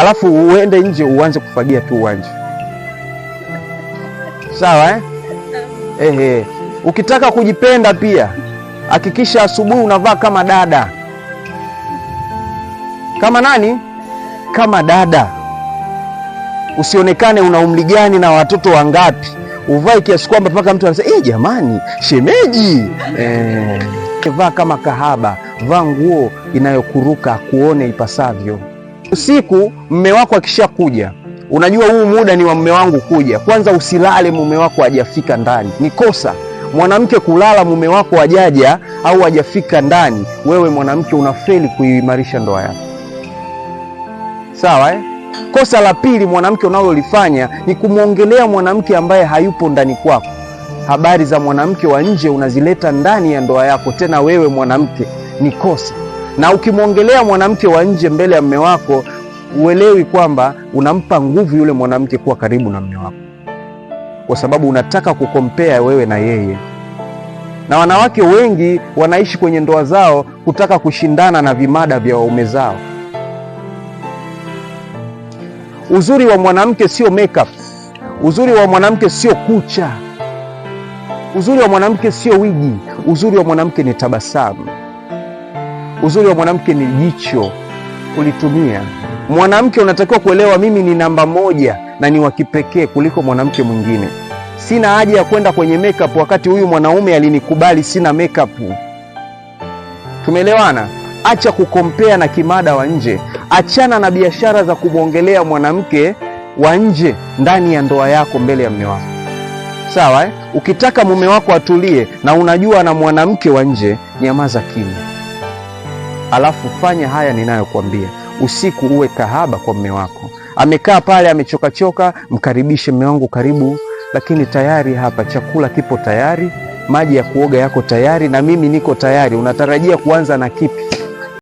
alafu uende nje uanze kufagia tu uwanja, sawa eh? Ehe, ukitaka kujipenda pia hakikisha asubuhi unavaa kama dada, kama nani? Kama dada. Usionekane una umri gani na watoto wangapi, uvae kiasi kwamba mpaka mtu anasema eh, jamani, shemeji. Eh, vaa kama kahaba, vaa nguo inayokuruka kuone ipasavyo. Usiku mme wako akishakuja, unajua huu muda ni wa mme wangu kuja. Kwanza usilale mume wako hajafika ndani, ni kosa mwanamke kulala mume wako hajaja au hajafika ndani. Wewe mwanamke unafeli kuimarisha ndoa yako, sawa eh? Kosa la pili mwanamke unalolifanya ni kumwongelea mwanamke ambaye hayupo ndani kwako. Habari za mwanamke wa nje unazileta ndani ya ndoa yako, tena wewe mwanamke, ni kosa na ukimwongelea mwanamke wa nje mbele ya mme wako, uelewi kwamba unampa nguvu yule mwanamke kuwa karibu na mme wako, kwa sababu unataka kukompea wewe na yeye. Na wanawake wengi wanaishi kwenye ndoa zao kutaka kushindana na vimada vya waume zao. Uzuri wa mwanamke sio makeup. Uzuri wa mwanamke sio kucha. Uzuri wa mwanamke sio wigi. Uzuri wa mwanamke ni tabasamu. Uzuri wa mwanamke ni jicho kulitumia. Mwanamke unatakiwa kuelewa, mimi ni namba moja na ni wa kipekee kuliko mwanamke mwingine. Sina haja ya kwenda kwenye makeup wakati huyu mwanaume alinikubali sina makeup. Tumeelewana? Acha kukompea na kimada wa nje, achana na biashara za kumwongelea mwanamke wa nje ndani ya ndoa yako, mbele ya mume wako, sawa eh? Ukitaka mume wako atulie na unajua na mwanamke wa nje, nyamaza kimya alafu fanya haya ninayokuambia. Usiku uwe kahaba kwa mme wako, amekaa pale amechokachoka, mkaribishe mme wangu, karibu. Lakini tayari hapa chakula kipo tayari, maji ya kuoga yako tayari, na mimi niko tayari. Unatarajia kuanza na kipi?